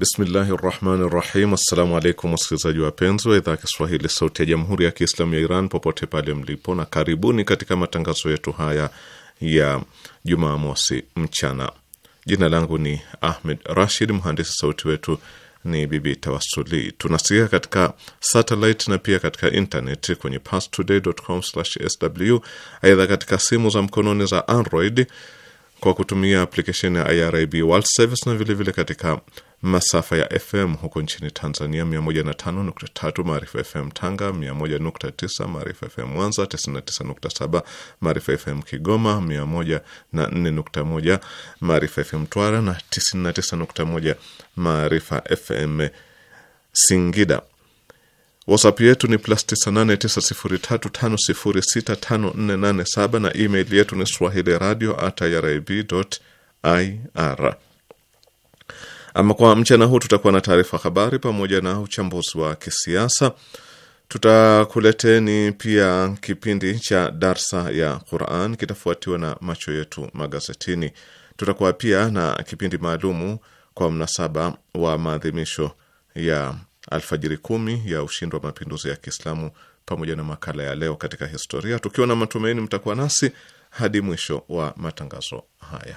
Bismillahi rahmani rahim. Assalamu alaikum wasikilizaji wapenzi wa idhaa ya Kiswahili sauti ya jamhuri ya Kiislamu ya Iran popote pale mlipo, na karibuni katika matangazo yetu haya ya Jumamosi mchana. Jina langu ni Ahmed Rashid, mhandisi sauti wetu ni Bibi Tawasuli. Tunasikika katika satellite na pia katika internet kwenye pastoday.com/sw. Aidha, katika simu za mkononi za Android kwa kutumia application ya IRIB World Service na vilevile vile katika masafa ya FM huko nchini Tanzania: 105.3 Maarifa FM Tanga, 101.9 Maarifa FM Mwanza, 99.7 Maarifa FM Kigoma, 104.1 Maarifa FM Twara na 99.1 Maarifa FM Singida. WhatsApp yetu ni plus 989035065487 na email yetu ni swahili radio at irib ir ama kwa mchana huu tutakuwa na taarifa habari pamoja na uchambuzi wa kisiasa. Tutakuleteni pia kipindi cha darsa ya Quran, kitafuatiwa na macho yetu magazetini. Tutakuwa pia na kipindi maalumu kwa mnasaba wa maadhimisho ya alfajiri kumi ya ushindi wa mapinduzi ya Kiislamu, pamoja na makala ya leo katika historia. Tukiwa na matumaini mtakuwa nasi hadi mwisho wa matangazo haya.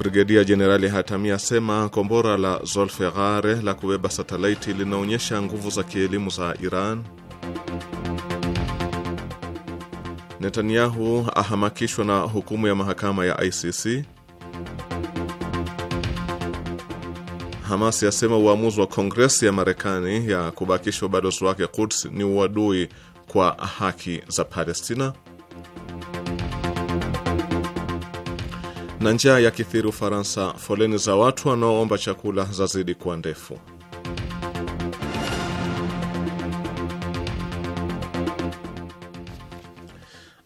Brigedia Jenerali Hatami asema kombora la Zolfeghare la kubeba satelaiti linaonyesha nguvu za kielimu za Iran. Netanyahu ahamakishwa na hukumu ya mahakama ya ICC. Hamas yasema uamuzi wa Kongresi ya Marekani ya kubakisha ubalozi wake Quds ni uadui kwa haki za Palestina. na njaa ya kithiri Ufaransa, foleni za watu wanaoomba chakula zazidi kuwa ndefu.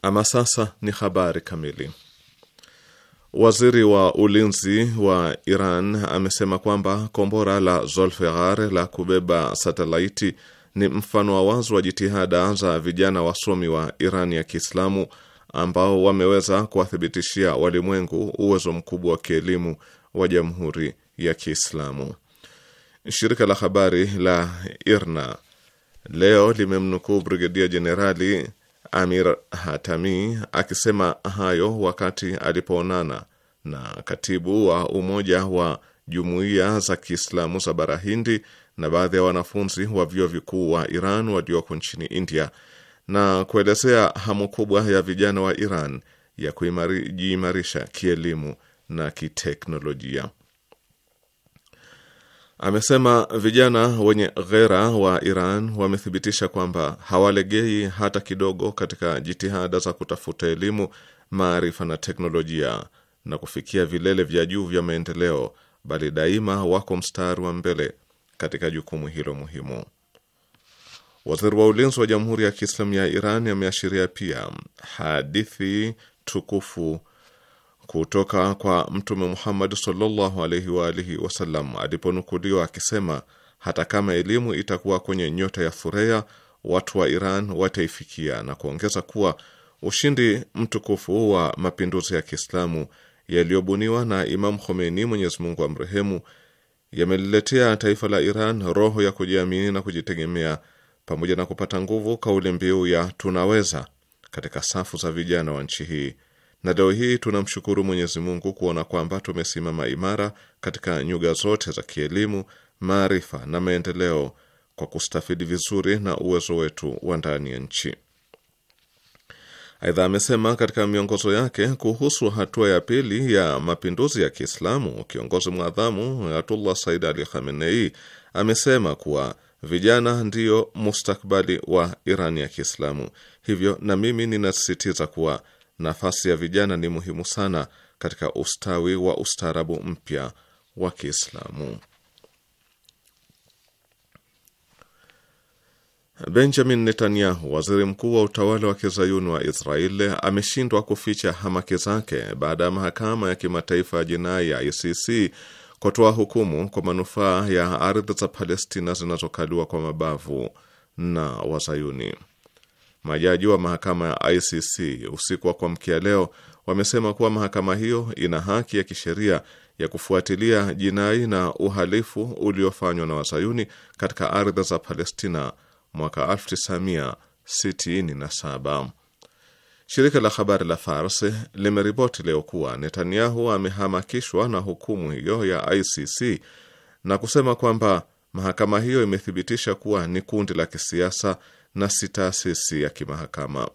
Ama sasa ni habari kamili. Waziri wa ulinzi wa Iran amesema kwamba kombora la Zolfeghar la kubeba satelaiti ni mfano wa wazi wa jitihada za vijana wasomi wa Iran ya Kiislamu ambao wameweza kuwathibitishia walimwengu uwezo mkubwa wa kielimu wa Jamhuri ya Kiislamu. Shirika la habari la IRNA leo limemnukuu Brigedia Jenerali Amir Hatami akisema hayo wakati alipoonana na katibu wa Umoja wa Jumuiya za Kiislamu za Bara Hindi na baadhi ya wanafunzi wa vyuo vikuu wa Iran walioko nchini India na kuelezea hamu kubwa ya vijana wa Iran ya kujiimarisha kielimu na kiteknolojia. Amesema vijana wenye ghera wa Iran wamethibitisha kwamba hawalegei hata kidogo katika jitihada za kutafuta elimu, maarifa na teknolojia na kufikia vilele vya juu vya maendeleo, bali daima wako mstari wa mbele katika jukumu hilo muhimu. Waziri wa ulinzi wa Jamhuri ya Kiislamu ya Iran ameashiria pia hadithi tukufu kutoka kwa Mtume Muhammad sallallahu alaihi wa alihi wasallam aliponukuliwa akisema, hata kama elimu itakuwa kwenye nyota ya Furea, watu wa Iran wataifikia, na kuongeza kuwa ushindi mtukufu wa mapinduzi ya Kiislamu yaliyobuniwa na Imam Khomeini, Mwenyezi Mungu amrehemu, yameliletea taifa la Iran roho ya kujiamini na kujitegemea pamoja na kupata nguvu kauli mbiu ya tunaweza katika safu za vijana wa nchi hii, na leo hii tunamshukuru Mwenyezi Mungu kuona kwamba tumesimama imara katika nyuga zote za kielimu, maarifa na maendeleo kwa kustafidi vizuri na uwezo wetu wa ndani ya nchi. Aidha, amesema katika miongozo yake kuhusu hatua ya pili ya mapinduzi ya Kiislamu, kiongozi mwadhamu Ayatullah Said Ali Khamenei amesema kuwa Vijana ndiyo mustakbali wa Irani ya Kiislamu. Hivyo na mimi ninasisitiza kuwa nafasi ya vijana ni muhimu sana katika ustawi wa ustaarabu mpya wa Kiislamu. Benjamin Netanyahu, waziri mkuu wa utawala wa kizayuni wa Israeli, ameshindwa kuficha hamaki zake baada ya mahakama ya kimataifa ya jinai ya ICC kutoa hukumu kwa manufaa ya ardhi za Palestina zinazokaliwa kwa mabavu na Wazayuni. Majaji wa mahakama ya ICC usiku wa kuamkia leo wamesema kuwa mahakama hiyo ina haki ya kisheria ya kufuatilia jinai na uhalifu uliofanywa na Wazayuni katika ardhi za Palestina mwaka 1967. Shirika la habari la Fars limeripoti leo kuwa Netanyahu amehamakishwa na hukumu hiyo ya ICC na kusema kwamba mahakama hiyo imethibitisha kuwa ni kundi la kisiasa na si taasisi ya kimahakama.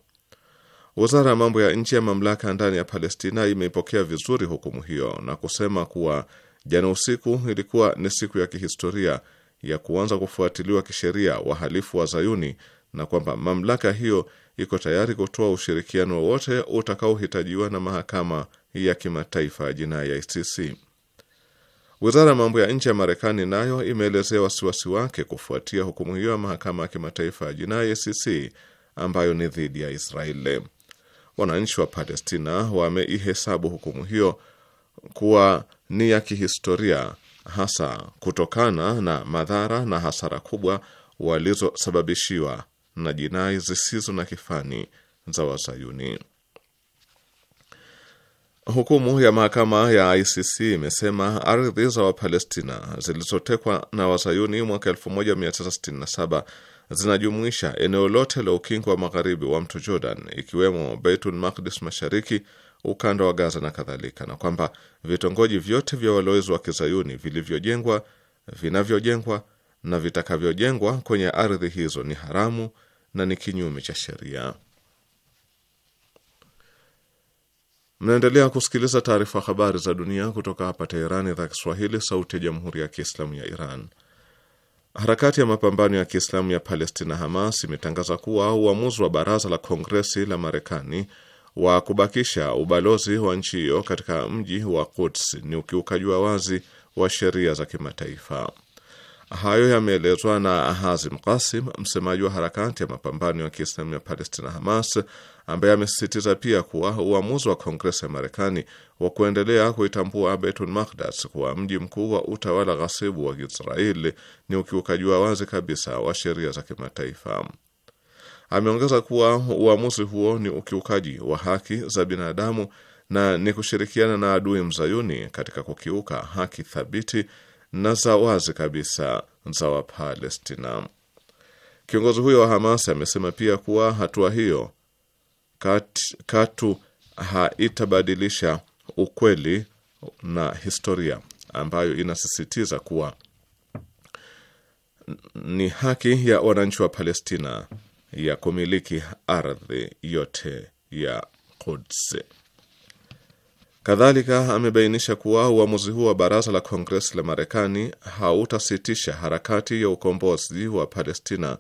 Wizara ya mambo ya nje ya mamlaka ndani ya Palestina imeipokea vizuri hukumu hiyo na kusema kuwa jana usiku ilikuwa ni siku ya kihistoria ya kuanza kufuatiliwa kisheria wahalifu wa Zayuni na kwamba mamlaka hiyo iko tayari kutoa ushirikiano wowote utakaohitajiwa na mahakama ya kimataifa ya jinai ya ICC. Wizara ya mambo ya nje ya Marekani nayo imeelezea wasiwasi wake kufuatia hukumu hiyo ya mahakama ya kimataifa ya jinai ICC ambayo ni dhidi ya Israeli. Wananchi wa Palestina wameihesabu hukumu hiyo kuwa ni ya kihistoria, hasa kutokana na madhara na hasara kubwa walizosababishiwa na jinai zisizo na kifani za Wazayuni. Hukumu ya mahakama ya ICC imesema ardhi za Wapalestina zilizotekwa na Wazayuni mwaka 1967 zinajumuisha eneo lote la ukingo wa magharibi wa mto Jordan, ikiwemo Beitul Makdis mashariki, ukanda wa Gaza na kadhalika, na kwamba vitongoji vyote vya walowezi wa Kizayuni vilivyojengwa, vinavyojengwa na vitakavyojengwa kwenye ardhi hizo ni haramu na ni kinyume cha sheria. Mnaendelea kusikiliza taarifa habari za dunia kutoka hapa Teherani, idhaa Kiswahili, sauti ya jamhuri ya kiislamu ya Iran. Harakati ya mapambano ya kiislamu ya Palestina, Hamas, imetangaza kuwa uamuzi wa baraza la Kongresi la Marekani wa kubakisha ubalozi wa nchi hiyo katika mji wa Quds ni ukiukaji wa wazi wa sheria za kimataifa. Hayo yameelezwa na Hazim Qasim, msemaji wa harakati ya mapambano ya Kiislamu ya Palestina, Hamas, ambaye amesisitiza pia kuwa uamuzi wa Kongresi ya Marekani wa kuendelea kuitambua Beitul Makdas kuwa mji mkuu wa utawala ghasibu wa Israeli ni ukiukaji wa wazi kabisa wa sheria za kimataifa. Ameongeza kuwa uamuzi huo ni ukiukaji wa haki za binadamu na ni kushirikiana na adui mzayuni katika kukiuka haki thabiti na za wazi kabisa za Wapalestina. Kiongozi huyo wa Hamas amesema pia kuwa hatua hiyo kat, katu haitabadilisha ukweli na historia ambayo inasisitiza kuwa ni haki ya wananchi wa Palestina ya kumiliki ardhi yote ya Quds. Kadhalika amebainisha kuwa uamuzi huu wa baraza la kongres la Marekani hautasitisha harakati ya ukombozi wa Palestina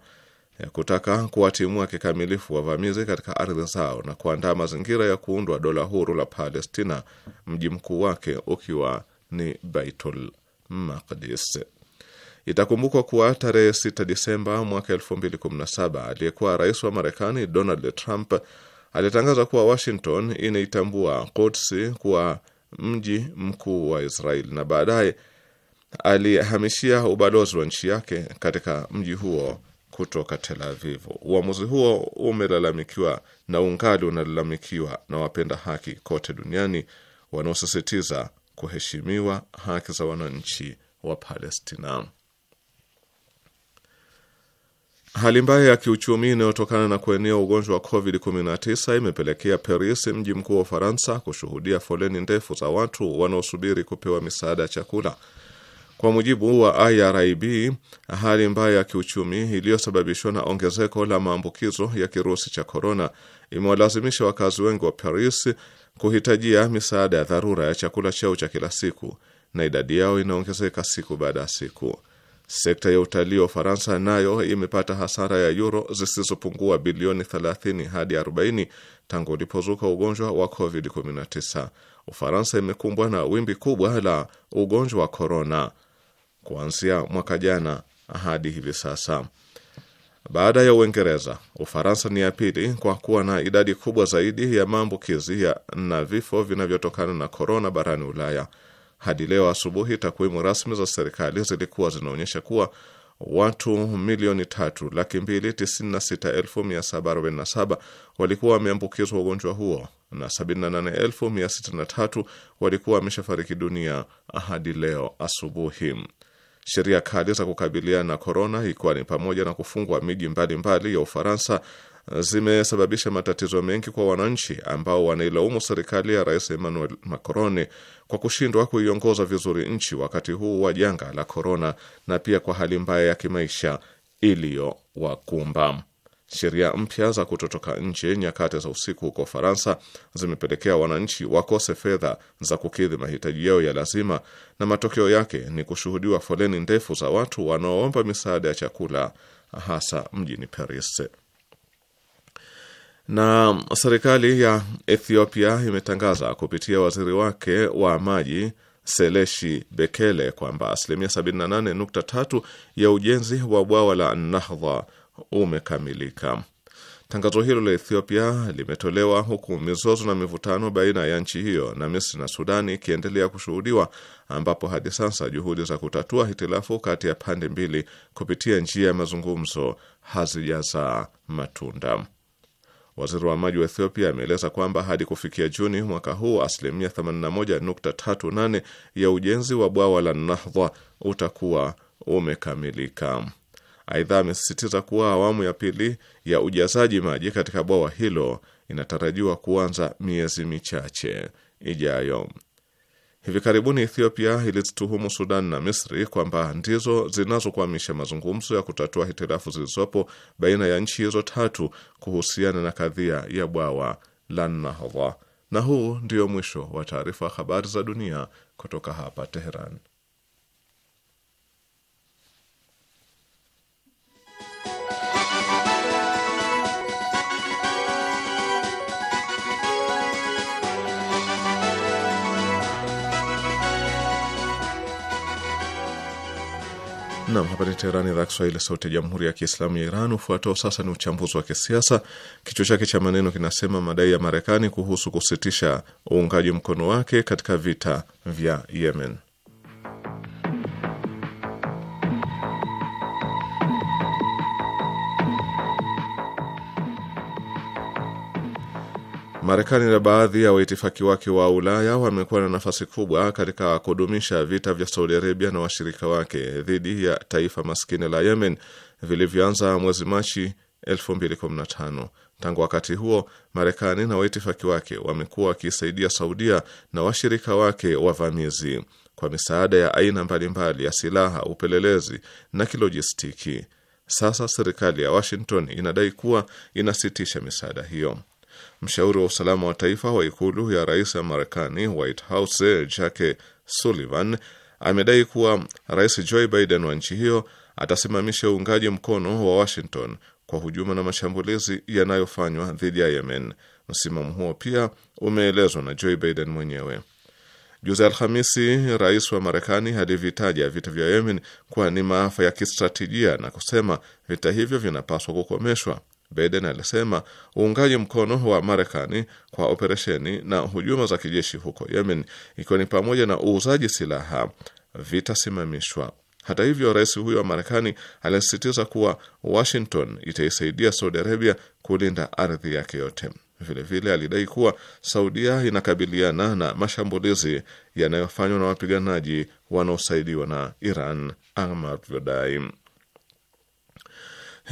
ya kutaka kuwatimua kikamilifu wavamizi katika ardhi zao na kuandaa mazingira ya kuundwa dola huru la Palestina, mji mkuu wake ukiwa ni Baitul Maqdis. Itakumbukwa kuwa tarehe 6 Disemba mwaka 2017 aliyekuwa rais wa Marekani Donald Trump alitangaza kuwa Washington inaitambua Kutsi kuwa mji mkuu wa Israel na baadaye alihamishia ubalozi wa nchi yake katika mji huo kutoka Tel Aviv. Uamuzi huo umelalamikiwa na ungali unalalamikiwa na wapenda haki kote duniani wanaosisitiza kuheshimiwa haki za wananchi wa Palestina. Hali mbaya ya kiuchumi inayotokana na kuenea ugonjwa wa COVID-19 imepelekea Paris, mji mkuu wa Ufaransa, kushuhudia foleni ndefu za watu wanaosubiri kupewa misaada ya chakula. Kwa mujibu wa IRIB, hali mbaya ya kiuchumi iliyosababishwa na ongezeko la maambukizo ya kirusi cha korona imewalazimisha wakazi wengi wa Paris kuhitajia misaada ya dharura ya chakula chao cha kila siku, na idadi yao inaongezeka siku baada ya siku. Sekta ya utalii wa Ufaransa nayo imepata hasara ya yuro zisizopungua bilioni 30 hadi 40 tangu ulipozuka ugonjwa wa COVID-19. Ufaransa imekumbwa na wimbi kubwa la ugonjwa wa korona kuanzia mwaka jana hadi hivi sasa. Baada ya Uingereza, Ufaransa ni ya pili kwa kuwa na idadi kubwa zaidi ya maambukizi na vifo vinavyotokana na korona barani Ulaya. Hadi leo asubuhi takwimu rasmi za serikali zilikuwa zinaonyesha kuwa watu milioni tatu laki mbili tisini na sita elfu mia saba arobaini na saba walikuwa wameambukizwa ugonjwa huo na sabini na nane elfu mia sita na tatu walikuwa wameshafariki dunia hadi leo asubuhi. Sheria kali za kukabiliana na korona, ikiwa ni pamoja na kufungwa miji mbalimbali ya Ufaransa zimesababisha matatizo mengi kwa wananchi ambao wanailaumu serikali ya Rais Emmanuel Macron kwa kushindwa kuiongoza vizuri nchi wakati huu wa janga la korona, na pia kwa hali mbaya ya kimaisha iliyowakumba. Sheria mpya za kutotoka nje nyakati za usiku huko faransa zimepelekea wananchi wakose fedha za kukidhi mahitaji yao ya lazima, na matokeo yake ni kushuhudiwa foleni ndefu za watu wanaoomba misaada ya chakula, hasa mjini Paris. Na serikali ya Ethiopia imetangaza kupitia waziri wake wa maji Seleshi Bekele kwamba asilimia 78.3 ya ujenzi wa bwawa la Nahdha umekamilika. Tangazo hilo la Ethiopia limetolewa huku mizozo na mivutano baina ya nchi hiyo na Misri na Sudani ikiendelea kushuhudiwa, ambapo hadi sasa juhudi za kutatua hitilafu kati ya pande mbili kupitia njia ya mazungumzo hazijazaa matunda. Waziri wa maji wa Ethiopia ameeleza kwamba hadi kufikia Juni mwaka huu asilimia 81.38 ya ujenzi wa bwawa la Nahdha utakuwa umekamilika. Aidha, amesisitiza kuwa awamu ya pili ya ujazaji maji katika bwawa hilo inatarajiwa kuanza miezi michache ijayo. Hivi karibuni Ethiopia ilizituhumu Sudan na Misri kwamba ndizo zinazokwamisha mazungumzo ya kutatua hitilafu zilizopo baina ya nchi hizo tatu kuhusiana na kadhia ya bwawa la Nahdha. Na huu ndio mwisho wa taarifa habari za dunia kutoka hapa Teheran. Nam, hapa ni Teherani, idhaa Kiswahili, sauti ya jamhuri ya kiislamu ya Iran. Ufuatao sasa ni uchambuzi wa kisiasa, kichwa chake cha maneno kinasema madai ya Marekani kuhusu kusitisha uungaji mkono wake katika vita vya Yemen. Marekani na baadhi ya waitifaki wake wa Ulaya wamekuwa na nafasi kubwa katika kudumisha vita vya Saudi Arabia na washirika wake dhidi ya taifa maskini la Yemen vilivyoanza mwezi Machi 2015. Tangu wakati huo, Marekani na waitifaki wake wamekuwa wakiisaidia Saudia na washirika wake wavamizi kwa misaada ya aina mbalimbali mbali ya silaha, upelelezi na kilojistiki. Sasa serikali ya Washington inadai kuwa inasitisha misaada hiyo. Mshauri wa usalama wa taifa wa ikulu ya rais wa Marekani, White House, Jake Sullivan amedai kuwa rais Joe Biden wa nchi hiyo atasimamisha uungaji mkono wa Washington kwa hujuma na mashambulizi yanayofanywa dhidi ya Yemen. Msimamo huo pia umeelezwa na Joe Biden mwenyewe. Juzi Alhamisi, rais wa Marekani alivitaja vita vya Yemen kuwa ni maafa ya kistratejia na kusema vita hivyo vinapaswa kukomeshwa. Biden alisema uungaji mkono wa Marekani kwa operesheni na hujuma za kijeshi huko Yemen, ikiwa ni pamoja na uuzaji silaha, vitasimamishwa. Hata hivyo, rais huyo wa Marekani alisisitiza kuwa Washington itaisaidia Saudi Arabia kulinda ardhi yake yote. Vilevile vile alidai kuwa Saudia inakabiliana na mashambulizi yanayofanywa na wapiganaji wanaosaidiwa na Iran amavyodai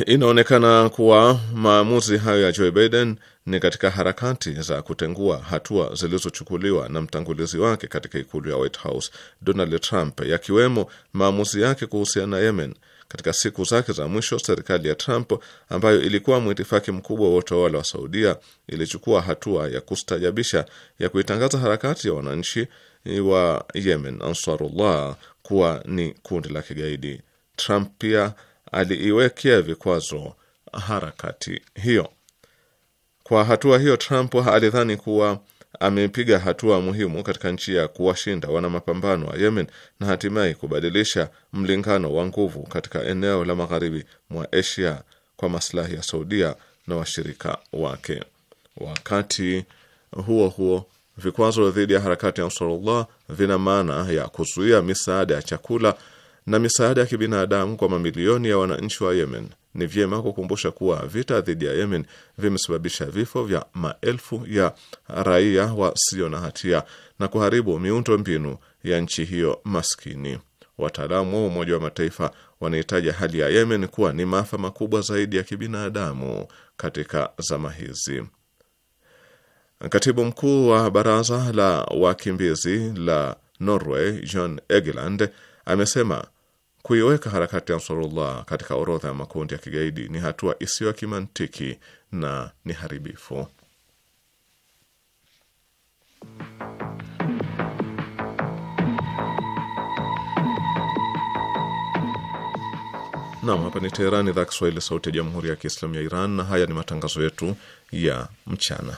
Inaonekana kuwa maamuzi hayo ya Joe Biden ni katika harakati za kutengua hatua zilizochukuliwa na mtangulizi wake katika ikulu ya White House, Donald Trump, yakiwemo maamuzi yake kuhusiana na Yemen. Katika siku zake za mwisho, serikali ya Trump ambayo ilikuwa mwitifaki mkubwa wa utawala wa Saudia ilichukua hatua ya kustajabisha ya kuitangaza harakati ya wananchi wa Yemen, Ansarullah, kuwa ni kundi la kigaidi. Trump pia aliiwekea vikwazo harakati hiyo. Kwa hatua hiyo, Trump alidhani kuwa amepiga hatua muhimu katika nchi ya kuwashinda wanamapambano wa Yemen na hatimaye kubadilisha mlingano wa nguvu katika eneo la magharibi mwa Asia kwa maslahi ya Saudia na washirika wake. Wakati huo huo, vikwazo dhidi ya harakati ya Ansarullah vina maana ya kuzuia misaada ya chakula na misaada ya kibinadamu kwa mamilioni ya wananchi wa Yemen, ni vyema kukumbusha kuwa vita dhidi ya Yemen vimesababisha vifo vya maelfu ya raia wasio na hatia na kuharibu miundo mbinu ya nchi hiyo maskini. Wataalamu wa Umoja wa Mataifa wanahitaji hali ya Yemen kuwa ni maafa makubwa zaidi ya kibinadamu katika zama hizi. Katibu mkuu wa baraza la wakimbizi la Norway John Egeland amesema Kuiweka harakati ya Ansarullah katika orodha ya makundi ya kigaidi ni hatua isiyo ya kimantiki na ni haribifu. Nam, hapa ni Teherani, idhaa Kiswahili, sauti ya jamhuri ya kiislamu ya Iran, na haya ni matangazo yetu ya mchana.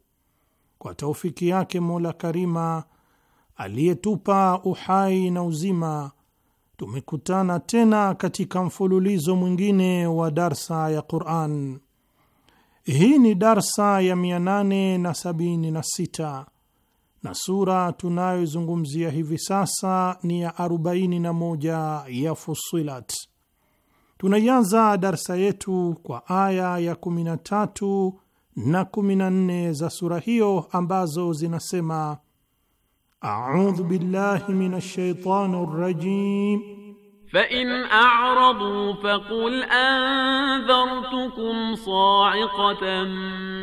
kwa taufiki yake Mola Karima aliyetupa uhai na uzima, tumekutana tena katika mfululizo mwingine wa darsa ya Quran. Hii ni darsa ya 876 na, na sura tunayoizungumzia hivi sasa ni ya 41 ya Fusilat. Tunaianza darsa yetu kwa aya ya 13 na nne za sura hiyo ambazo zinasema: a'udhu billahi minash shaitani rrajim fa in a'radu faqul anzartukum sa'iqatan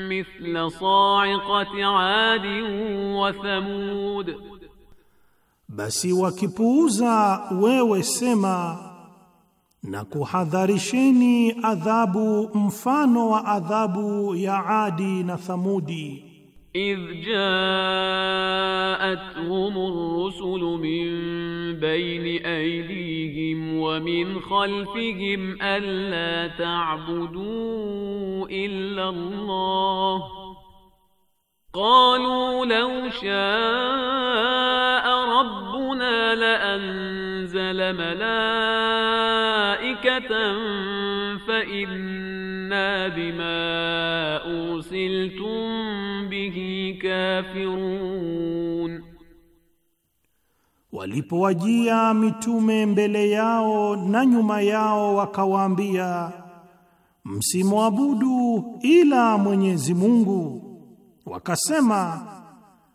mithla sa'iqati 'adin wa thamud, basi wakipuuza wewe sema na kuhadharisheni adhabu mfano wa adhabu ya Adi na Thamudi. إذ جاءتهم الرسل من بين أيديهم ومن خلفهم ألا تعبدوا إلا الله قالوا لو شاء ربنا لأنزل ملائكة فإنا بما أرسلتم به كافرون Walipowajia mitume mbele yao na nyuma yao, wakawaambia msimwabudu ila Mwenyezi Mungu Wakasema,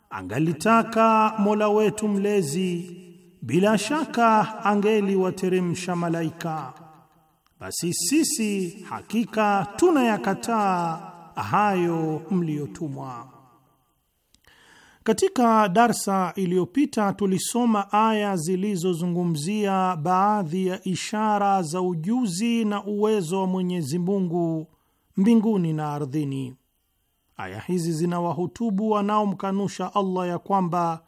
angalitaka Mola wetu mlezi, bila shaka angeliwateremsha malaika. Basi sisi hakika tunayakataa hayo mliyotumwa. Katika darsa iliyopita tulisoma aya zilizozungumzia baadhi ya ishara za ujuzi na uwezo wa Mwenyezi Mungu mbinguni na ardhini. Aya hizi zinawahutubu wanaomkanusha Allah ya kwamba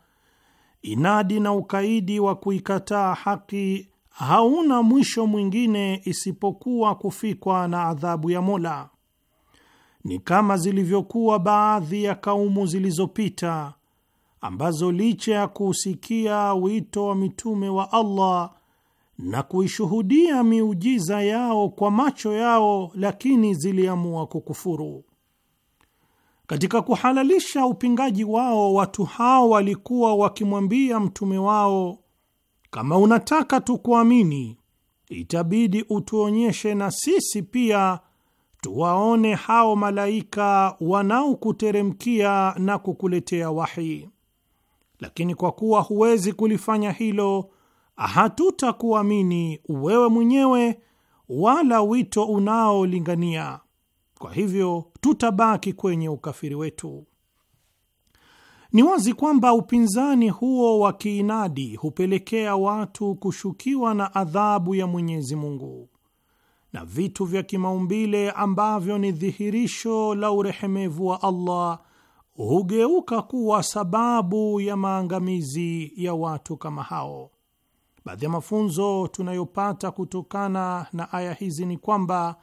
inadi na ukaidi wa kuikataa haki hauna mwisho mwingine isipokuwa kufikwa na adhabu ya Mola. Ni kama zilivyokuwa baadhi ya kaumu zilizopita ambazo licha ya kuusikia wito wa mitume wa Allah na kuishuhudia miujiza yao kwa macho yao, lakini ziliamua kukufuru. Katika kuhalalisha upingaji wao, watu hao walikuwa wakimwambia mtume wao, kama unataka tukuamini, itabidi utuonyeshe na sisi pia tuwaone hao malaika wanaokuteremkia na kukuletea wahi, lakini kwa kuwa huwezi kulifanya hilo, hatutakuamini wewe mwenyewe wala wito unaolingania kwa hivyo tutabaki kwenye ukafiri wetu. Ni wazi kwamba upinzani huo wa kiinadi hupelekea watu kushukiwa na adhabu ya Mwenyezi Mungu, na vitu vya kimaumbile ambavyo ni dhihirisho la urehemevu wa Allah hugeuka kuwa sababu ya maangamizi ya watu kama hao. Baadhi ya mafunzo tunayopata kutokana na aya hizi ni kwamba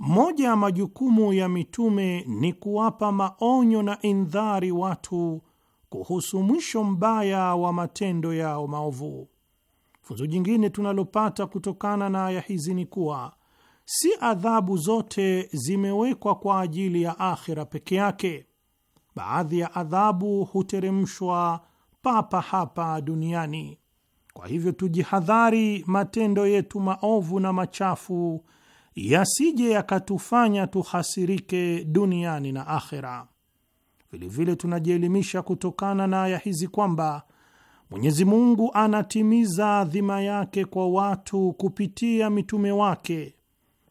moja ya majukumu ya mitume ni kuwapa maonyo na indhari watu kuhusu mwisho mbaya wa matendo yao maovu. Funzo jingine tunalopata kutokana na aya hizi ni kuwa si adhabu zote zimewekwa kwa ajili ya akhira peke yake. Baadhi ya adhabu huteremshwa papa hapa duniani. Kwa hivyo, tujihadhari matendo yetu maovu na machafu yasije yakatufanya tuhasirike duniani na akhera. Vilevile tunajielimisha kutokana na aya hizi kwamba Mwenyezi Mungu anatimiza dhima yake kwa watu kupitia mitume wake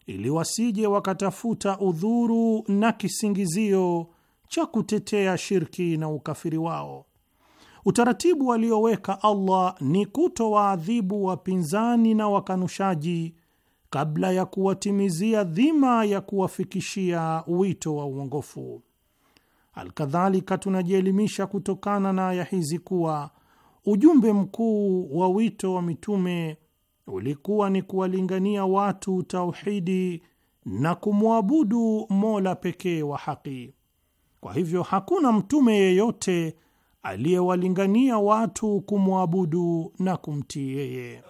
ili wasije wakatafuta udhuru na kisingizio cha kutetea shirki na ukafiri wao. Utaratibu walioweka Allah ni kutowaadhibu wapinzani na wakanushaji kabla ya kuwatimizia dhima ya kuwafikishia wito wa uongofu. Alkadhalika, tunajielimisha kutokana na aya hizi kuwa ujumbe mkuu wa wito wa mitume ulikuwa ni kuwalingania watu tauhidi na kumwabudu Mola pekee wa haki. Kwa hivyo hakuna mtume yeyote aliyewalingania watu kumwabudu na kumtii yeye.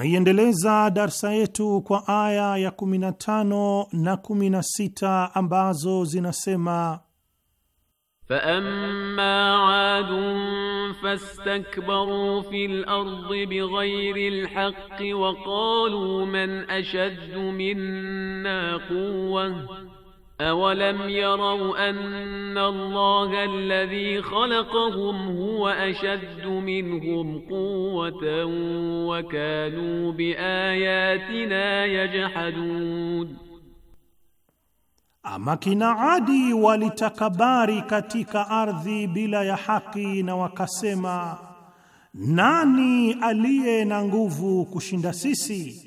Tunaiendeleza darsa yetu kwa aya ya 15 na 16 ambazo zinasema: faamma adun fastakbaru fil ardi bighairi alhaqqi wa qalu man ashaddu minna quwwa أولم يروا أن الله الذي خلقهم هو أشد منهم قوة وكانوا بآياتنا يجحدون Ama kina Adi walitakabari katika ardhi bila ya haki na wakasema, nani aliye na nguvu kushinda sisi?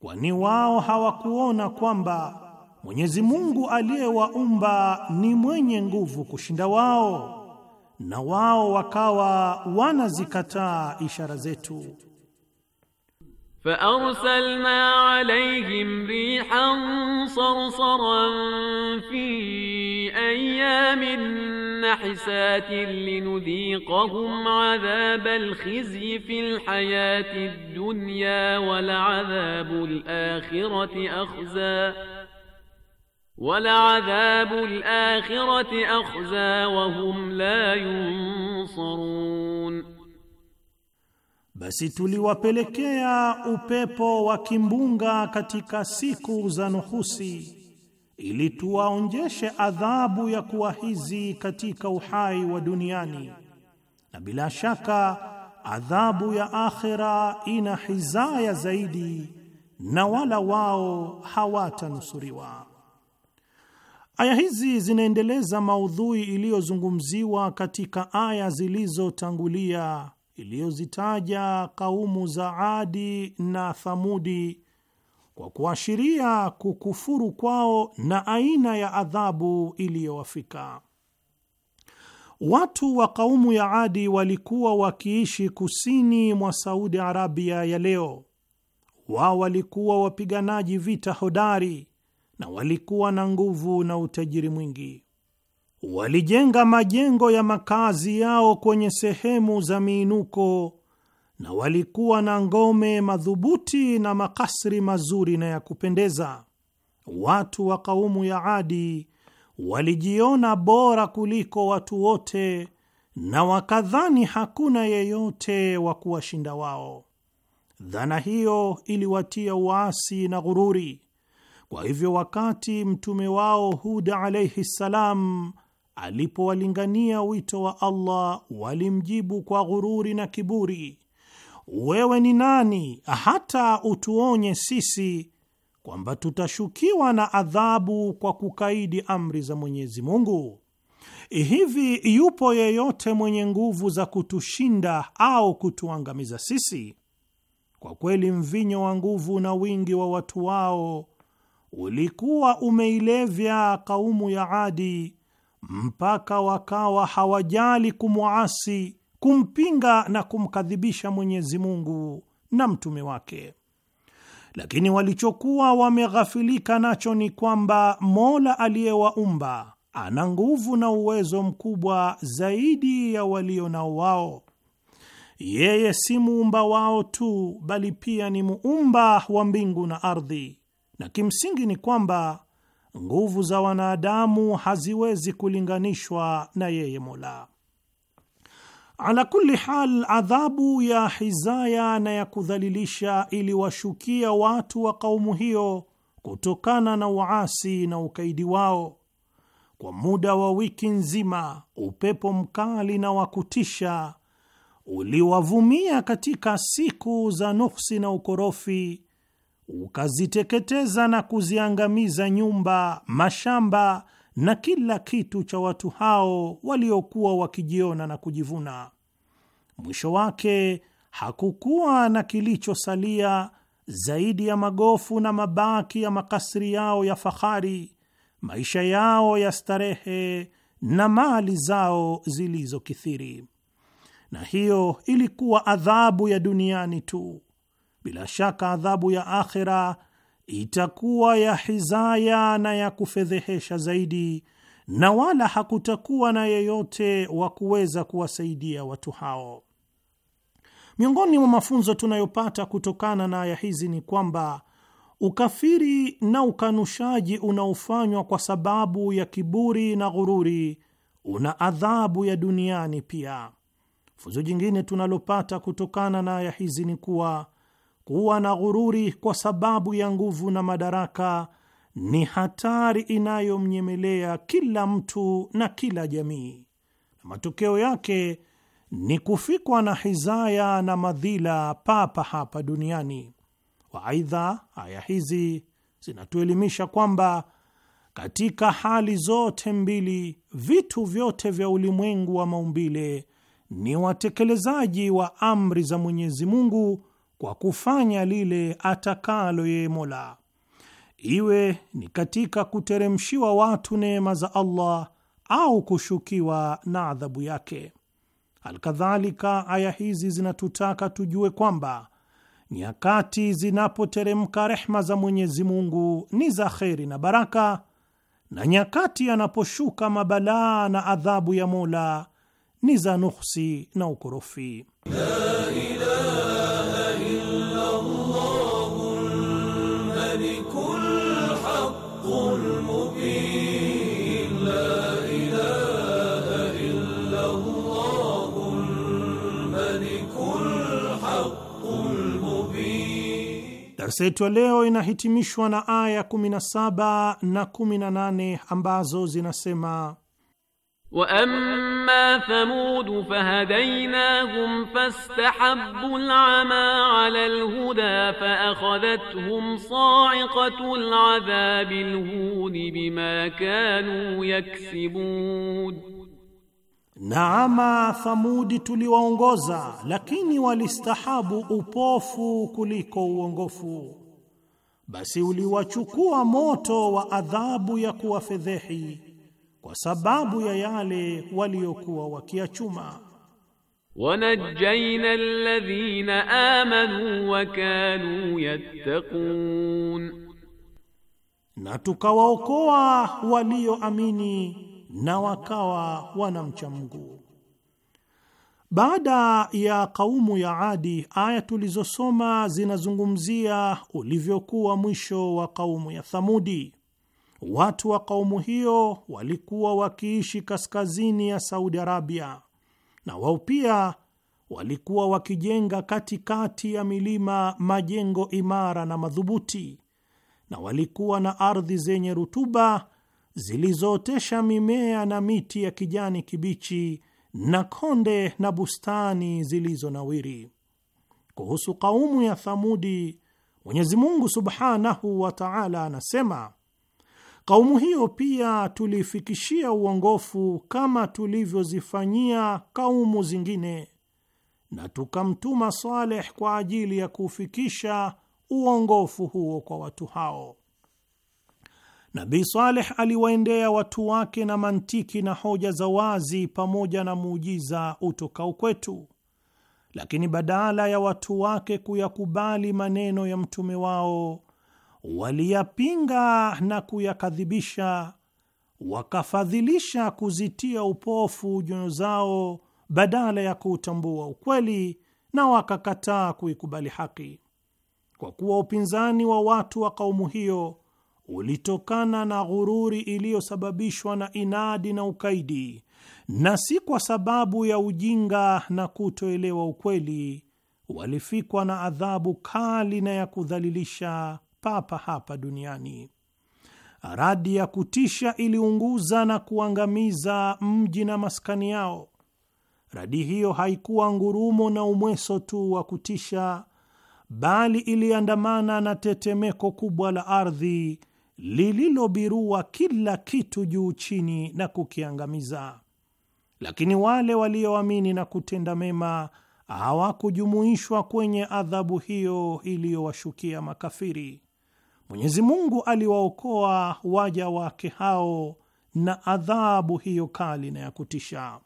Kwani wao hawakuona kwamba Mwenyezi Mungu aliyewaumba ni mwenye nguvu kushinda wao, na wao wakawa wanazikataa ishara zetu. Faarsalna alayhim rihan sarsaran fi ayamin nahisatin linudhiqahum adhabal fi fil hayati dunya wal adhabul akhirati akhza Walaadhabu al-akhirati akhza wa la yunsarun, basi tuliwapelekea upepo wa kimbunga katika siku za nuhusi ili tuwaonjeshe adhabu ya kuwahizi katika uhai wa duniani, na bila shaka adhabu ya akhira ina hizaya zaidi, na wala wao hawatanusuriwa. Aya hizi zinaendeleza maudhui iliyozungumziwa katika aya zilizotangulia iliyozitaja kaumu za Adi na Thamudi kwa kuashiria kukufuru kwao na aina ya adhabu iliyowafika. Watu wa kaumu ya Adi walikuwa wakiishi kusini mwa Saudi Arabia ya leo. Wao walikuwa wapiganaji vita hodari na walikuwa na nguvu na utajiri mwingi. Walijenga majengo ya makazi yao kwenye sehemu za miinuko na walikuwa na ngome madhubuti na makasri mazuri na ya kupendeza. Watu wa kaumu ya Adi walijiona bora kuliko watu wote na wakadhani hakuna yeyote wa kuwashinda wao. Dhana hiyo iliwatia uasi na ghururi kwa hivyo wakati mtume wao Huda alaihi ssalam alipowalingania wito wa Allah walimjibu kwa ghururi na kiburi, wewe ni nani hata utuonye sisi kwamba tutashukiwa na adhabu kwa kukaidi amri za Mwenyezi Mungu? Hivi yupo yeyote mwenye nguvu za kutushinda au kutuangamiza sisi? Kwa kweli mvinyo wa nguvu na wingi wa watu wao ulikuwa umeilevya kaumu ya Adi mpaka wakawa hawajali kumwasi, kumpinga na kumkadhibisha Mwenyezi Mungu na mtume wake. Lakini walichokuwa wameghafilika nacho ni kwamba Mola aliyewaumba ana nguvu na uwezo mkubwa zaidi ya walio nao wao. Yeye si muumba wao tu, bali pia ni muumba wa mbingu na ardhi na kimsingi ni kwamba nguvu za wanadamu haziwezi kulinganishwa na yeye Mola. Ala kulli hal, adhabu ya hizaya na ya kudhalilisha iliwashukia watu wa kaumu hiyo kutokana na uasi na ukaidi wao. Kwa muda wa wiki nzima, upepo mkali na wa kutisha uliwavumia katika siku za nuksi na ukorofi ukaziteketeza na kuziangamiza nyumba, mashamba na kila kitu cha watu hao waliokuwa wakijiona na kujivuna. Mwisho wake hakukuwa na kilichosalia zaidi ya magofu na mabaki ya makasri yao ya fahari, maisha yao ya starehe na mali zao zilizokithiri. Na hiyo ilikuwa adhabu ya duniani tu, bila shaka adhabu ya akhera itakuwa ya hizaya na ya kufedhehesha zaidi, na wala hakutakuwa na yeyote wa kuweza kuwasaidia watu hao. Miongoni mwa mafunzo tunayopata kutokana na aya hizi ni kwamba ukafiri na ukanushaji unaofanywa kwa sababu ya kiburi na ghururi una adhabu ya duniani pia. Funzo jingine tunalopata kutokana na aya hizi ni kuwa kuwa na ghururi kwa sababu ya nguvu na madaraka ni hatari inayomnyemelea kila mtu na kila jamii, na matokeo yake ni kufikwa na hizaya na madhila papa hapa duniani. Waaidha, aya hizi zinatuelimisha kwamba katika hali zote mbili, vitu vyote vya ulimwengu wa maumbile ni watekelezaji wa amri za Mwenyezi Mungu kwa kufanya lile atakalo yeye Mola, iwe ni katika kuteremshiwa watu neema za Allah au kushukiwa na adhabu yake. Alkadhalika, aya hizi zinatutaka tujue kwamba nyakati zinapoteremka rehma za Mwenyezi Mungu ni za kheri na baraka, na nyakati anaposhuka mabalaa na adhabu ya Mola ni za nuksi na ukorofi. Darsa yetu ya leo inahitimishwa na aya 17 na 18 ambazo zinasema: wa amma thamud fahadaynahum fastahabbu al'ama 'ala al-huda faakhadhathum sa'iqatu al-'adhabi al-hun bima kanu yaksibun Na ama Thamudi tuliwaongoza, lakini walistahabu upofu kuliko uongofu, basi uliwachukua moto wa adhabu ya kuwafedhehi kwa sababu ya yale waliokuwa wakiachuma. Wanajaina alladhina amanu wa kanu yattaqun, na tukawaokoa walioamini na wakawa wanamcha Mungu. Baada ya kaumu ya Adi, aya tulizosoma zinazungumzia ulivyokuwa mwisho wa kaumu ya Thamudi. Watu wa kaumu hiyo walikuwa wakiishi kaskazini ya Saudi Arabia, na wao pia walikuwa wakijenga katikati ya milima majengo imara na madhubuti, na walikuwa na ardhi zenye rutuba zilizootesha mimea na miti ya kijani kibichi na konde na bustani zilizonawiri. Kuhusu kaumu ya Thamudi, Mwenyezi Mungu subhanahu wa taala anasema, kaumu hiyo pia tuliifikishia uongofu kama tulivyozifanyia kaumu zingine, na tukamtuma Saleh kwa ajili ya kuufikisha uongofu huo kwa watu hao. Nabii Saleh aliwaendea watu wake na mantiki na hoja za wazi pamoja na muujiza utokao kwetu, lakini badala ya watu wake kuyakubali maneno ya mtume wao waliyapinga na kuyakadhibisha, wakafadhilisha kuzitia upofu nyoyo zao badala ya kuutambua ukweli, na wakakataa kuikubali haki. Kwa kuwa upinzani wa watu wa kaumu hiyo ulitokana na ghururi iliyosababishwa na inadi na ukaidi, na si kwa sababu ya ujinga na kutoelewa ukweli. Walifikwa na adhabu kali na ya kudhalilisha papa hapa duniani. Radi ya kutisha iliunguza na kuangamiza mji na maskani yao. Radi hiyo haikuwa ngurumo na umweso tu wa kutisha, bali iliandamana na tetemeko kubwa la ardhi lililobirua kila kitu juu chini na kukiangamiza. Lakini wale walioamini na kutenda mema hawakujumuishwa kwenye adhabu hiyo iliyowashukia makafiri. Mwenyezi Mungu aliwaokoa waja wake hao na adhabu hiyo kali na ya kutisha.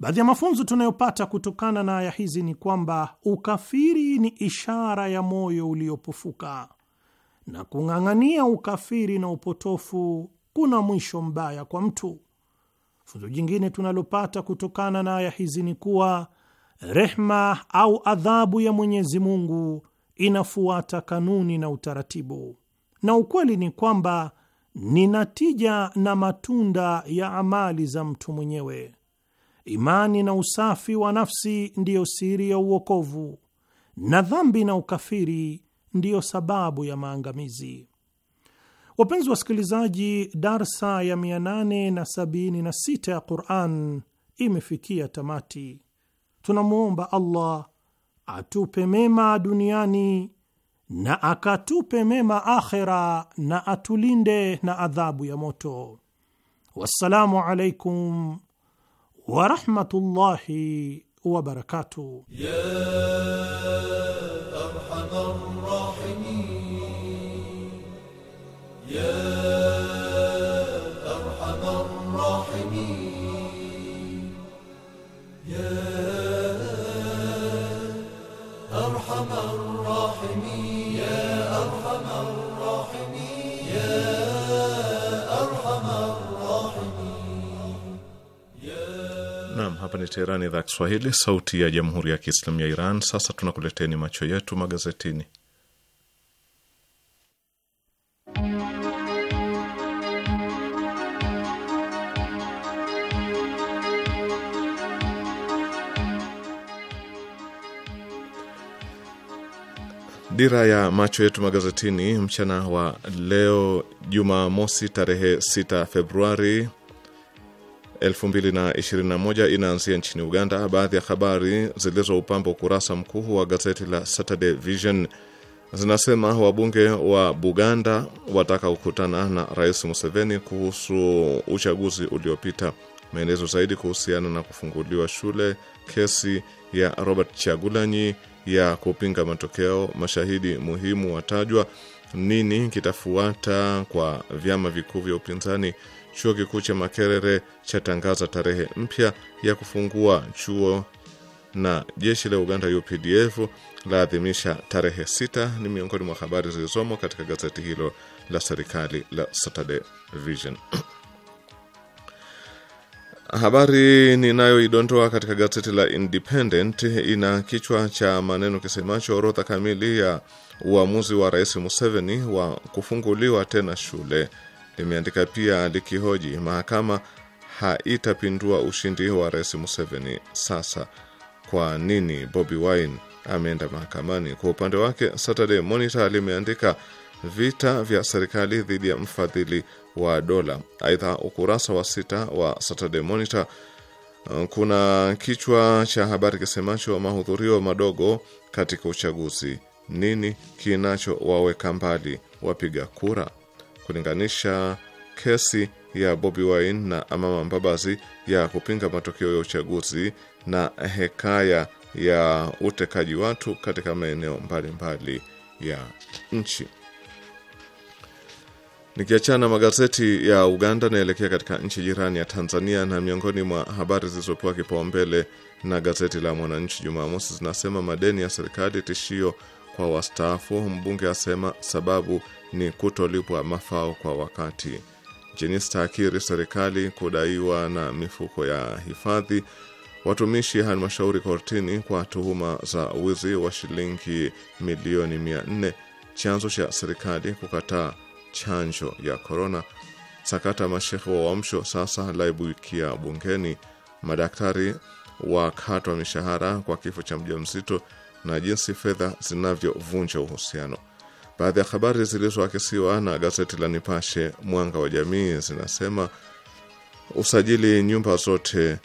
Baadhi ya mafunzo tunayopata kutokana na aya hizi ni kwamba ukafiri ni ishara ya moyo uliopofuka na kung'ang'ania ukafiri na upotofu kuna mwisho mbaya kwa mtu. Funzo jingine tunalopata kutokana na aya hizi ni kuwa rehma au adhabu ya Mwenyezi Mungu inafuata kanuni na utaratibu, na ukweli ni kwamba ni natija na matunda ya amali za mtu mwenyewe. Imani na usafi wa nafsi ndiyo siri ya uokovu, na dhambi na ukafiri ndiyo sababu ya maangamizi. Wapenzi wasikilizaji, darsa ya 876 ya Quran imefikia tamati. Tunamwomba Allah atupe mema duniani na akatupe mema akhera na atulinde na adhabu ya moto. Wassalamu alaikum warahmatullahi wabarakatuh. ya Hapa ni Teherani, idhaa Kiswahili, sauti ya jamhuri ya kiislamu ya Iran. Sasa tunakuleteni macho yetu magazetini. Dira ya macho yetu magazetini mchana wa leo Jumamosi, tarehe 6 Februari 2021 inaanzia nchini Uganda. Baadhi ya habari zilizoupamba ukurasa mkuu wa gazeti la Saturday Vision zinasema wabunge wa Buganda wataka kukutana na Rais Museveni kuhusu uchaguzi uliopita. Maelezo zaidi kuhusiana na kufunguliwa shule, kesi ya Robert Chagulanyi ya kupinga matokeo, mashahidi muhimu watajwa, nini kitafuata kwa vyama vikuu vya upinzani Chuo kikuu cha Makerere chatangaza tarehe mpya ya kufungua chuo na jeshi la Uganda UPDF laadhimisha tarehe sita. Ni miongoni mwa habari zilizomo katika gazeti hilo la serikali la Saturday Vision. Habari ninayoidondoa katika gazeti la Independent ina kichwa cha maneno kisemacho orodha kamili ya uamuzi wa Rais Museveni wa kufunguliwa tena shule imeandika pia likihoji mahakama haitapindua ushindi wa Rais Museveni. Sasa kwa nini Bobi Wine ameenda mahakamani? Kwa upande wake, Saturday Monitor limeandika vita vya serikali dhidi ya mfadhili wa dola. Aidha, ukurasa wa sita wa Saturday Monitor uh, kuna kichwa cha habari kisemacho mahudhurio madogo katika uchaguzi, nini kinachowaweka mbali wapiga kura? kulinganisha kesi ya Bobi Wine na Amama Mbabazi ya kupinga matokeo ya uchaguzi na hekaya ya utekaji watu katika maeneo mbalimbali ya nchi. Nikiachana magazeti ya Uganda, naelekea katika nchi jirani ya Tanzania, na miongoni mwa habari zilizopewa kipaumbele na gazeti la Mwananchi Jumamosi zinasema madeni ya serikali tishio kwa wastaafu, mbunge asema sababu ni kutolipwa mafao kwa wakati. Jenista akiri serikali kudaiwa na mifuko ya hifadhi. Watumishi halmashauri kortini kwa tuhuma za wizi wa shilingi milioni 4 Chanzo cha serikali kukataa chanjo ya korona. Sakata mashehe wa Uamsho sasa laibukia bungeni. Madaktari wakatwa mishahara kwa kifo cha mjamzito na jinsi fedha zinavyovunja uhusiano. Baadhi ya habari zilizoakisiwa na gazeti la Nipashe Mwanga wa Jamii zinasema usajili nyumba zote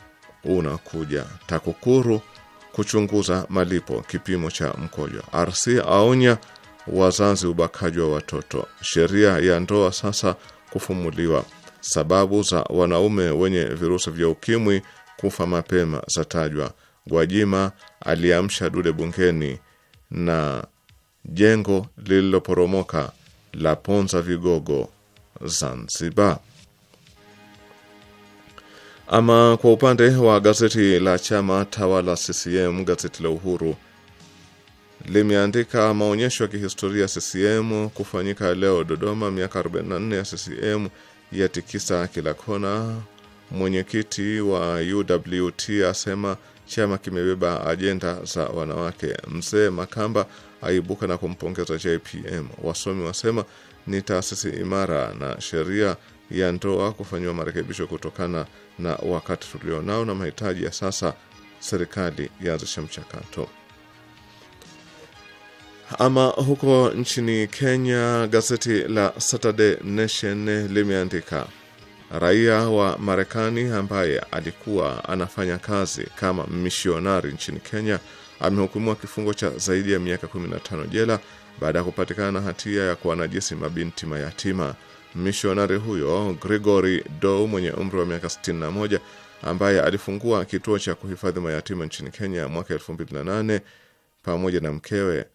unakuja, TAKUKURU kuchunguza malipo kipimo cha mkojo, RC aonya wazazi ubakaji wa watoto, sheria ya ndoa sasa kufumuliwa, sababu za wanaume wenye virusi vya ukimwi kufa mapema zatajwa, Gwajima aliamsha dude bungeni na jengo lililoporomoka la Ponza Vigogo, Zanzibar. Ama kwa upande wa gazeti la chama tawala CCM, gazeti la Uhuru limeandika maonyesho ya kihistoria CCM kufanyika leo Dodoma, miaka 44 ya CCM yatikisa kila kona. Mwenyekiti wa UWT asema chama kimebeba ajenda za wanawake. Mzee Makamba aibuka na kumpongeza JPM. Wasomi wasema ni taasisi imara na sheria ya ndoa kufanyiwa marekebisho kutokana na wakati tulionao na mahitaji ya sasa. Serikali yaanzisha mchakato. Ama huko nchini Kenya, gazeti la Saturday Nation limeandika raia wa Marekani ambaye alikuwa anafanya kazi kama mishionari nchini Kenya amehukumiwa kifungo cha zaidi ya miaka 15 jela baada ya kupatikana na hatia ya kuwanajisi mabinti mayatima. Mishonari huyo Gregory Dow mwenye umri wa miaka 61 ambaye alifungua kituo cha kuhifadhi mayatima nchini Kenya mwaka 2008 pamoja na mkewe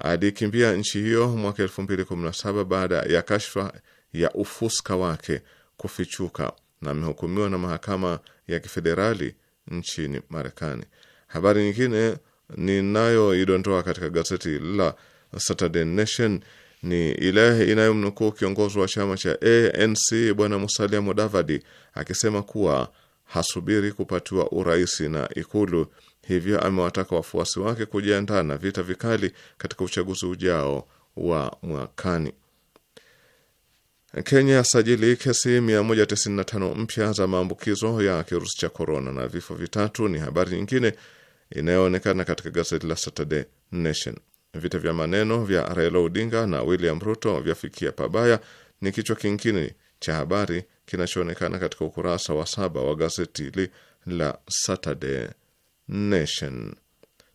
alikimbia nchi hiyo mwaka 2017 baada ya kashfa ya ufuska wake kufichuka na amehukumiwa na mahakama ya kifederali nchini Marekani. Habari nyingine ninayoidondoa katika gazeti la Saturday Nation ni ile inayomnukuu kiongozi wa chama cha ANC Bwana Musalia Mudavadi akisema kuwa hasubiri kupatiwa urais na Ikulu, hivyo amewataka wafuasi wake kujiandaa na vita vikali katika uchaguzi ujao wa mwakani. Kenya sajili kesi 195 mpya za maambukizo ya kirusi cha korona na vifo vitatu ni habari nyingine inayoonekana katika gazeti la Saturday Nation. Vita vya maneno vya Raila Odinga na William Ruto vyafikia pabaya ni kichwa kingine cha habari kinachoonekana katika ukurasa wa saba wa gazeti la Saturday Nation.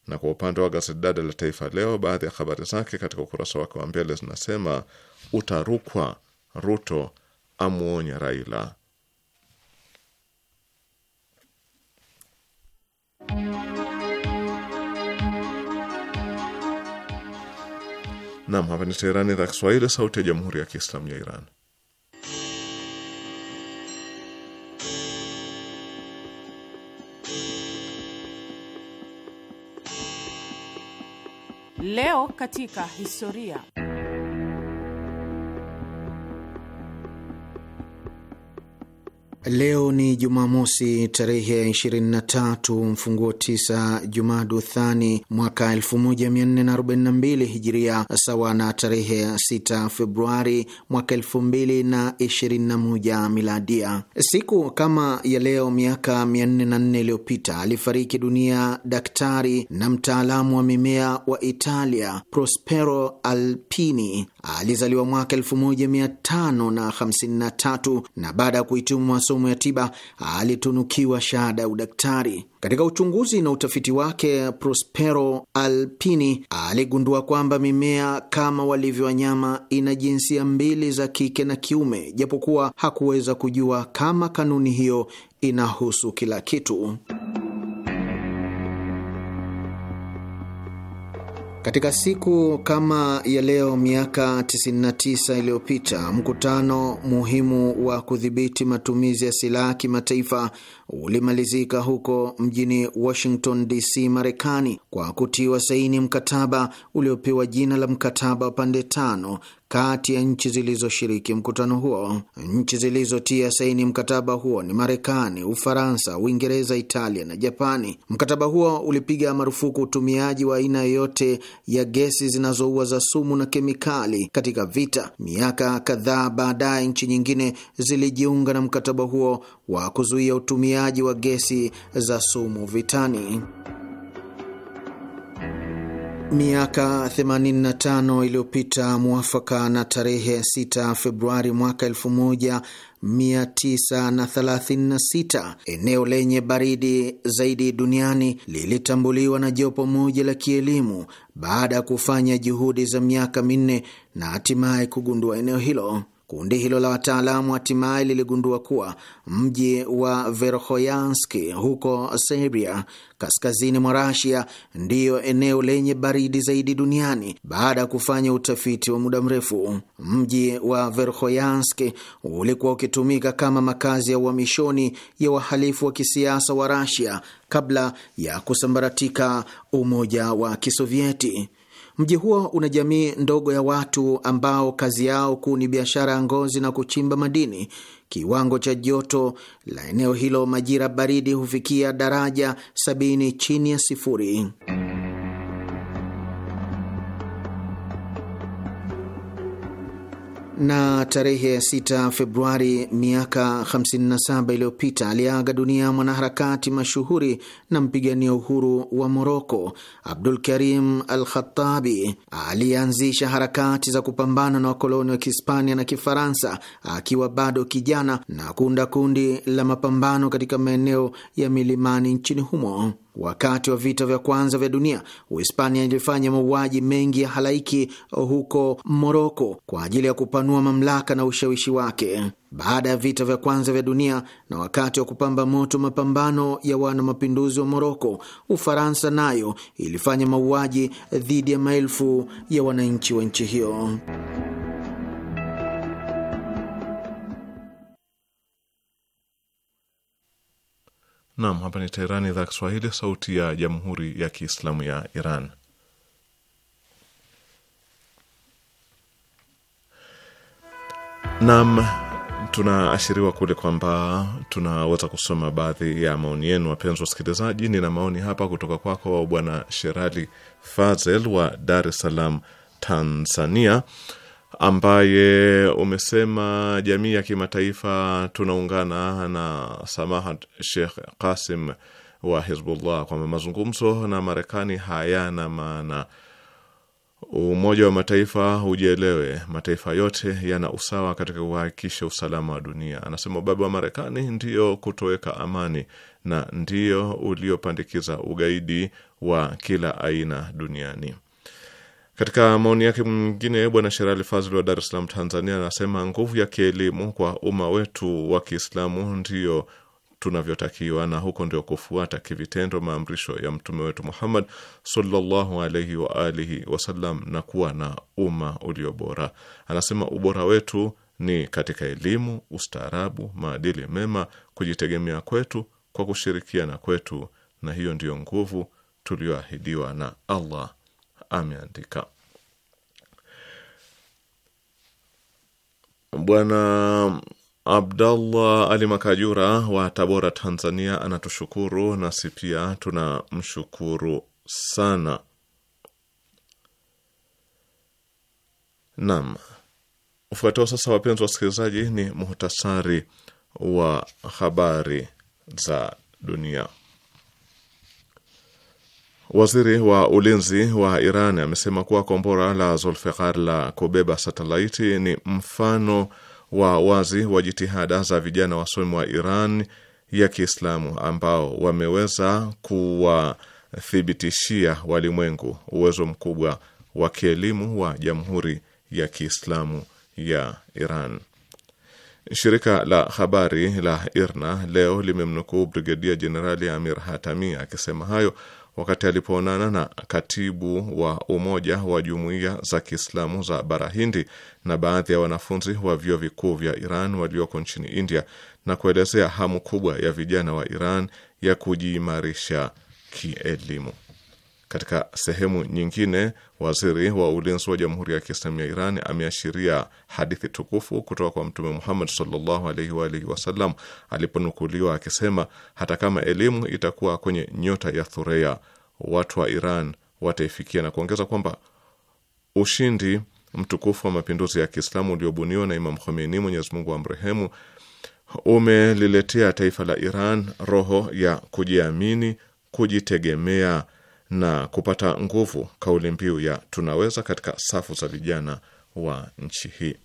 Na kwa upande wa gazeti dada la Taifa Leo, baadhi ya habari zake katika ukurasa wake wa mbele zinasema utarukwa Ruto amwonya Raila. Nam, hapa ni Teherani, idhaa Kiswahili, sauti ya jamhuri ya kiislamu ya Iran. Leo katika historia Leo ni Jumamosi tarehe 23 mfunguo 9 Jumadu Thani mwaka 1442 Hijiria, sawa na tarehe 6 Februari mwaka 2021 Miladia. Siku kama ya leo miaka 404 iliyopita alifariki dunia daktari na mtaalamu wa mimea wa Italia Prospero Alpini. Alizaliwa mwaka 1553 na baada ya kuhitimwa masomo ya tiba alitunukiwa shahada ya udaktari. Katika uchunguzi na utafiti wake, Prospero Alpini aligundua kwamba mimea kama walivyo wanyama ina jinsia mbili za kike na kiume, japokuwa hakuweza kujua kama kanuni hiyo inahusu kila kitu. Katika siku kama ya leo miaka 99 iliyopita mkutano muhimu wa kudhibiti matumizi ya silaha kimataifa ulimalizika huko mjini Washington DC, Marekani, kwa kutiwa saini mkataba uliopewa jina la mkataba wa pande tano kati ya nchi zilizoshiriki mkutano huo. Nchi zilizotia saini mkataba huo ni Marekani, Ufaransa, Uingereza, Italia na Japani. Mkataba huo ulipiga marufuku utumiaji wa aina yoyote ya gesi zinazoua za sumu na kemikali katika vita. Miaka kadhaa baadaye, nchi nyingine zilijiunga na mkataba huo wa kuzuia utumiaji wa gesi za sumu vitani. Miaka 85 iliyopita mwafaka na tarehe 6 Februari mwaka 1936 eneo lenye baridi zaidi duniani lilitambuliwa na jopo moja la kielimu baada ya kufanya juhudi za miaka minne na hatimaye kugundua eneo hilo. Kundi hilo la wataalamu hatimaye liligundua kuwa mji wa Verkhoyanski huko Siberia, kaskazini mwa Rasia, ndiyo eneo lenye baridi zaidi duniani baada ya kufanya utafiti wa muda mrefu. Mji wa verhoyanski ulikuwa ukitumika kama makazi ya uhamishoni ya wahalifu wa kisiasa wa Rasia kabla ya kusambaratika Umoja wa Kisovieti. Mji huo una jamii ndogo ya watu ambao kazi yao kuu ni biashara ya ngozi na kuchimba madini. Kiwango cha joto la eneo hilo majira baridi hufikia daraja sabini chini ya sifuri. na tarehe 6 Februari miaka 57 iliyopita aliaga dunia mwanaharakati mashuhuri na mpigania uhuru wa Moroko, Abdul Karim al Khatabi. Alianzisha harakati za kupambana na wakoloni wa Kihispania na Kifaransa akiwa bado kijana na kuunda kundi la mapambano katika maeneo ya milimani nchini humo. Wakati wa vita vya kwanza vya dunia, Uhispania ilifanya mauaji mengi ya halaiki huko Moroko kwa ajili ya kupanua mamlaka na ushawishi wake. Baada ya vita vya kwanza vya dunia na wakati wa kupamba moto mapambano ya wana mapinduzi wa Moroko, Ufaransa nayo ilifanya mauaji dhidi ya maelfu ya wananchi wa nchi hiyo. Nam, hapa ni Teherani, idhaa Kiswahili, sauti ya jamhuri ya kiislamu ya Iran. Nam, tunaashiriwa kule kwamba tunaweza kusoma baadhi ya maoni yenu, wapenzi wasikilizaji. Nina maoni hapa kutoka kwako Bwana Sherali Fazel wa Dar es Salaam, Tanzania ambaye umesema jamii ya kimataifa tunaungana na Samahat Sheikh Qasim wa Hizbullah kwamba mazungumzo na Marekani hayana maana. Umoja wa Mataifa ujielewe, mataifa yote yana usawa katika kuhakikisha usalama wa dunia. Anasema ubaba wa Marekani ndiyo kutoweka amani na ndiyo uliopandikiza ugaidi wa kila aina duniani. Katika maoni yake mwingine, bwana Sherali Fazli wa Dar es Salaam, Tanzania, anasema nguvu ya kielimu kwa umma wetu wa Kiislamu ndiyo tunavyotakiwa na huko ndio kufuata kivitendo maamrisho ya mtume wetu Muhammad sallallahu alaihi wa alihi wasallam na kuwa na umma ulio bora. Anasema ubora wetu ni katika elimu, ustaarabu, maadili mema, kujitegemea kwetu kwa kushirikiana kwetu, na hiyo ndiyo nguvu tuliyoahidiwa na Allah ameandika. Bwana Abdallah Ali Makajura wa Tabora, Tanzania, anatushukuru nasi pia tunamshukuru sana. Naam, ufuatao sasa, wapenzi wasikilizaji, ni muhtasari wa habari za dunia. Waziri wa ulinzi wa Iran amesema kuwa kombora la Zulfiqar la kubeba satelaiti ni mfano wa wazi wa jitihada za vijana wasomi wa Iran ya Kiislamu ambao wameweza kuwathibitishia walimwengu uwezo mkubwa wa kielimu wa Jamhuri ya Kiislamu ya Iran. Shirika la habari la IRNA leo limemnukuu Brigedia Jenerali Amir Hatami akisema hayo wakati alipoonana na katibu wa Umoja wa Jumuiya za Kiislamu za Bara Hindi na baadhi ya wanafunzi wa vyuo vikuu vya Iran walioko nchini India na kuelezea hamu kubwa ya vijana wa Iran ya kujiimarisha kielimu. Katika sehemu nyingine, waziri wa ulinzi wa Jamhuri ya Kiislamu ya Iran ameashiria hadithi tukufu kutoka kwa Mtume Muhammad sallallahu alaihi wa alihi wasallam aliponukuliwa akisema, hata kama elimu itakuwa kwenye nyota ya Thurea, watu wa Iran wataifikia, na kuongeza kwamba ushindi mtukufu wa mapinduzi ya Kiislamu uliobuniwa na Imam Khomeini, Mwenyezi Mungu amrehemu, umeliletea taifa la Iran roho ya kujiamini, kujitegemea na kupata nguvu kauli mbiu ya tunaweza katika safu za vijana wa nchi hii.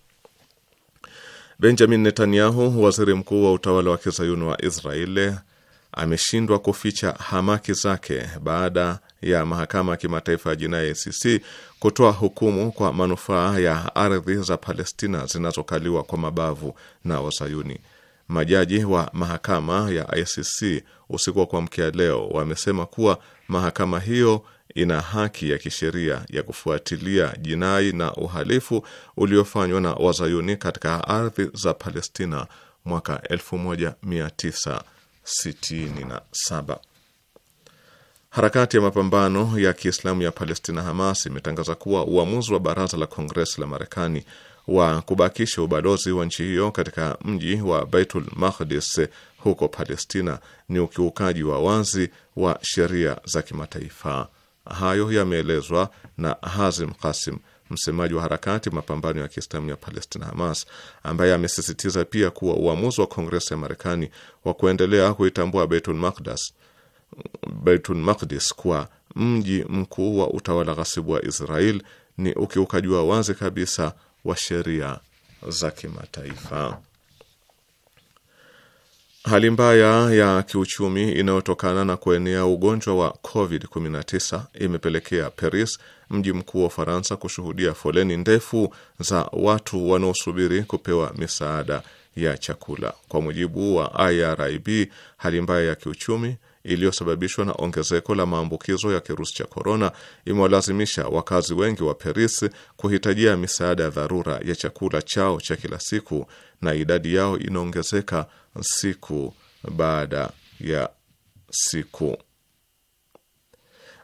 Benjamin Netanyahu, waziri mkuu wa utawala wa kizayuni wa Israeli, ameshindwa kuficha hamaki zake baada ya mahakama ya kimataifa ya jinai ICC kutoa hukumu kwa manufaa ya ardhi za Palestina zinazokaliwa kwa mabavu na Wazayuni. Majaji wa mahakama ya ICC usiku wa kuamkia leo wamesema kuwa mahakama hiyo ina haki ya kisheria ya kufuatilia jinai na uhalifu uliofanywa na wazayuni katika ardhi za Palestina mwaka 1967. Harakati ya mapambano ya Kiislamu ya Palestina Hamas imetangaza kuwa uamuzi wa baraza la Kongresi la Marekani wa kubakisha ubalozi wa nchi hiyo katika mji wa Baitul Maqdis huko Palestina ni ukiukaji wa wazi wa sheria za kimataifa. Hayo yameelezwa na Hazim Kasim, msemaji wa harakati mapambano ya Kiislamu ya Palestina, Hamas, ambaye amesisitiza pia kuwa uamuzi wa Kongresi ya Marekani wa kuendelea kuitambua Baitul Maqdis, Baitul Maqdis kuwa mji mkuu wa utawala ghasibu wa Israel ni ukiukaji wa wazi kabisa wa sheria za kimataifa. Hali mbaya ya kiuchumi inayotokana na kuenea ugonjwa wa COVID-19 imepelekea Paris, mji mkuu wa Ufaransa, kushuhudia foleni ndefu za watu wanaosubiri kupewa misaada ya chakula. Kwa mujibu wa IRIB, hali mbaya ya kiuchumi iliyosababishwa na ongezeko la maambukizo ya kirusi cha korona imewalazimisha wakazi wengi wa Paris kuhitajia misaada ya dharura ya chakula chao cha kila siku, na idadi yao inaongezeka siku baada ya siku.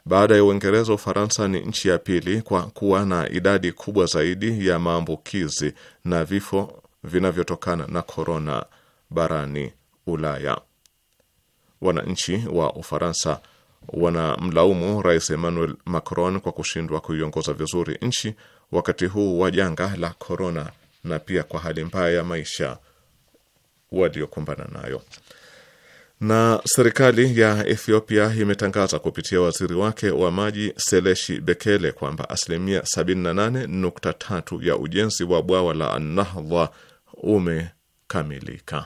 Baada ya Uingereza, Ufaransa ni nchi ya pili kwa kuwa na idadi kubwa zaidi ya maambukizi na vifo vinavyotokana na korona barani Ulaya. Wananchi wa Ufaransa wanamlaumu Rais Emmanuel Macron kwa kushindwa kuiongoza vizuri nchi wakati huu wa janga la korona na pia kwa hali mbaya ya maisha waliokumbana nayo. Na serikali ya Ethiopia imetangaza kupitia waziri wake wa maji Seleshi Bekele kwamba asilimia 78.3 ya ujenzi wa bwawa la Nahdha umekamilika.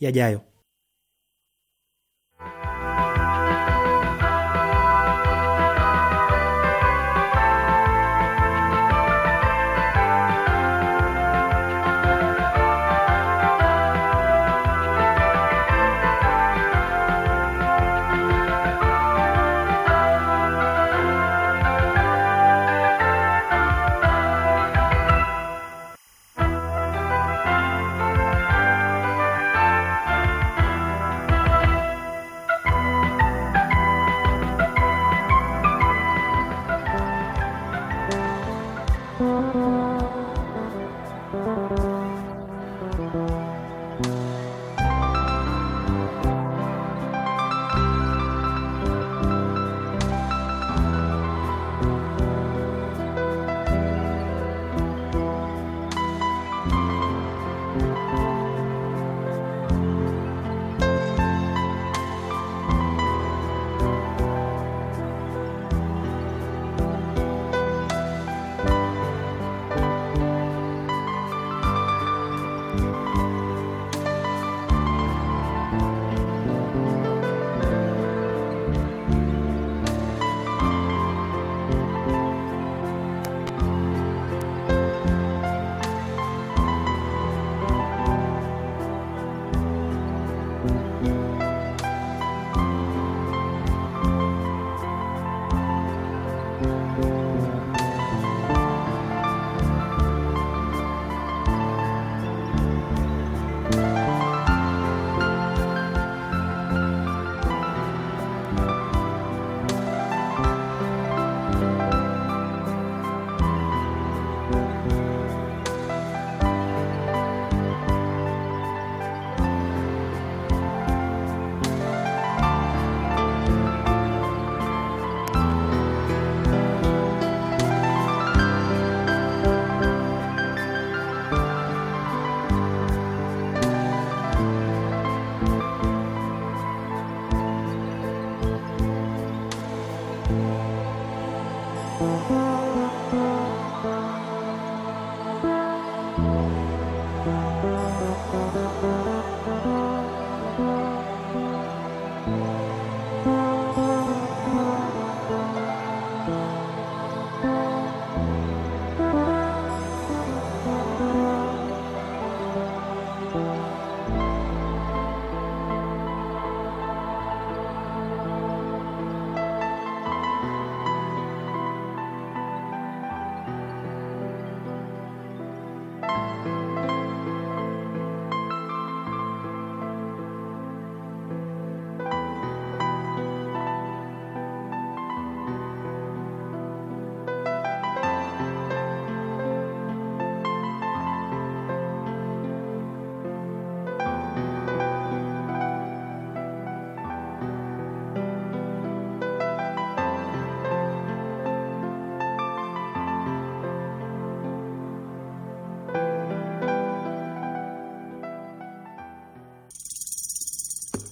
yajayo.